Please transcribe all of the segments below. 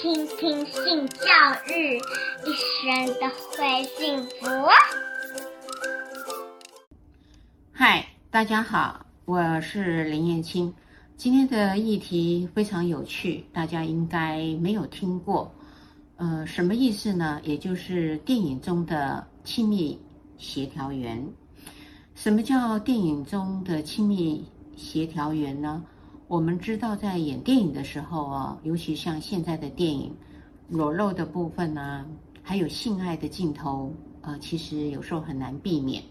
聽聽性教育，一生都會幸福啊。嗨，大家好，我是林燕青。今天的議題非常有趣，大家應該沒有聽過。呃，什麼意思呢？也就是電影中的親密協調員。什麼叫電影中的親密協調員呢？我們知道，在演電影的時候啊，尤其像現在的電影，裸露的部分啊，還有性愛的鏡頭，呃，其實有時候很難避免。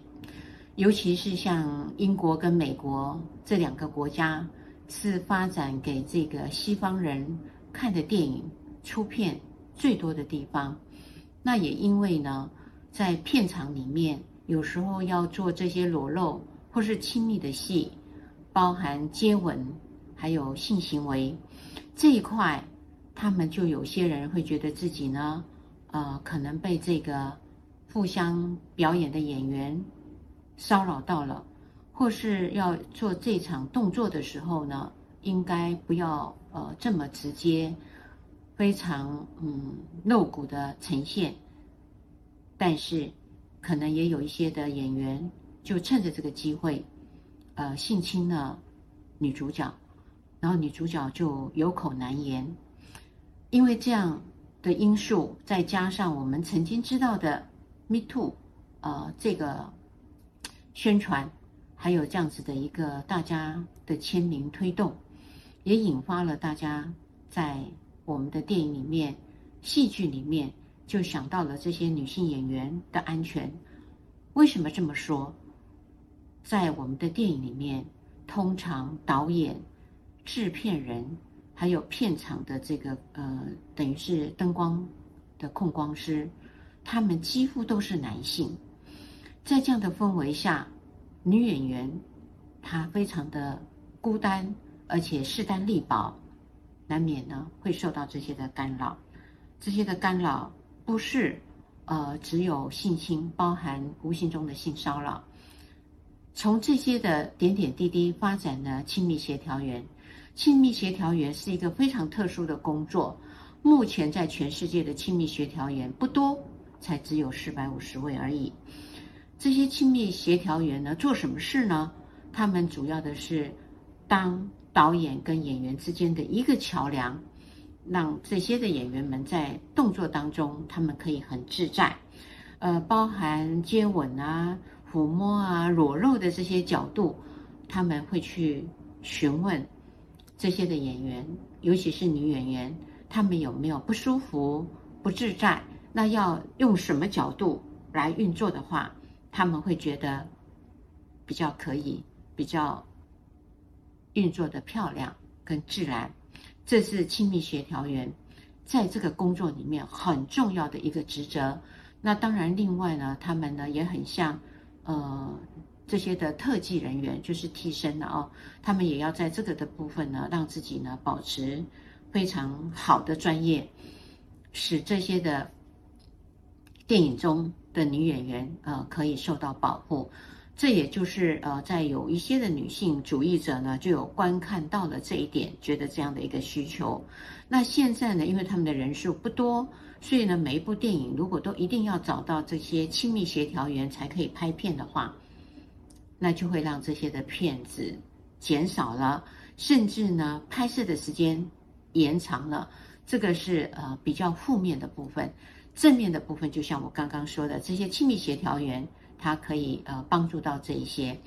尤其是像英國跟美國這兩個國家，是發展給這個西方人看的電影出片最多的地方。那也因為呢，在片場裡面，有時候要做這些裸露或是親密的戲，包含接吻。還有性行為這一塊，他們就有些人會覺得自己呢，呃，可能被這個互相表演的演員騷擾到了，或是要做這場動作的時候呢，應該不要呃這麼直接，非常嗯露骨的呈現。但是，可能也有一些的演員就趁着這個機會，呃，性侵了女主角。然後女主角就有口難言，因為這樣的因素，再加上我們曾經知道的 “Me Too” 呃，這個宣傳，還有這樣子的一個大家的簽名推動，也引發了大家在我們的電影裡面、戲劇裡面，就想到了這些女性演員的安全。為什麼這麼說？在我們的電影裡面，通常導演，製片人，還有片場的這個呃，等於是燈光的控光師，他們幾乎都是男性。在這樣的氛圍下，女演員她非常的孤單，而且勢單力薄，難免呢會受到這些的干擾。這些的干擾不是呃只有性侵，包含無形中的性騷擾。從這些的點點滴滴發展的親密協調員。親密協調員是一個非常特殊的工作，目前在全世界的親密協調員不多，才只有四百五十位而已。這些親密協調員呢，做什麼事呢？他們主要的是當導演跟演員之間的一個橋樑，讓這些的演員們在動作當中，他們可以很自在，呃，包含接吻啊、撫摸啊、裸露的這些角度，他們會去詢問。這些的演員，尤其是女演員，她們有沒有不舒服、不自在？那要用什麼角度來運作的話，她們會覺得比較可以，比較運作得漂亮跟自然。這是親密協調員在這個工作裡面很重要的一個職責。那當然，另外呢，她們呢也很像，呃。這些的特技人員就是替身了哦，他們也要在這個的部分呢，讓自己呢保持非常好的專業，使這些的電影中的女演員呃可以受到保護。這也就是呃，在有一些的女性主義者呢就有觀看到了這一點，覺得這樣的一個需求。那現在呢，因為他們的人數不多，所以呢，每一部電影如果都一定要找到這些親密協調員才可以拍片的話，那就會讓這些的片子減少了，甚至呢拍攝的時間延長了，這個是呃比較負面的部分。正面的部分，就像我剛剛說的，這些親密協調員，他可以呃幫助到這一些。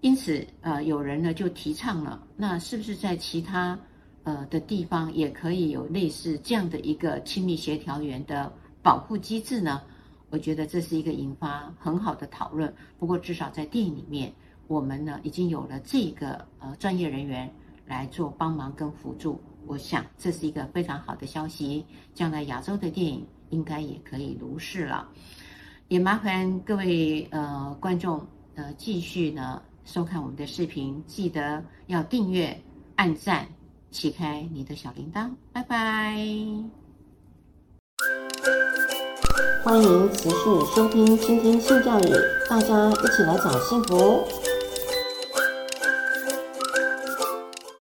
因此呃有人呢就提倡了，那是不是在其他的呃的地方也可以有類似這樣的一個親密協調員的保護機制呢？我覺得這是一個引發很好的討論。不過，至少在電影裡面，我們呢已經有了這個呃專業人員來做幫忙跟輔助。我想這是一個非常好的消息。將來亞洲的電影應該也可以如是了。也麻煩各位呃觀眾呃繼續呢收看我們的視頻，記得要訂閱、按讚、啟開你的小鈴鐺。拜拜。歡迎持續收聽《傾聽性教育》，大家一起來找幸福。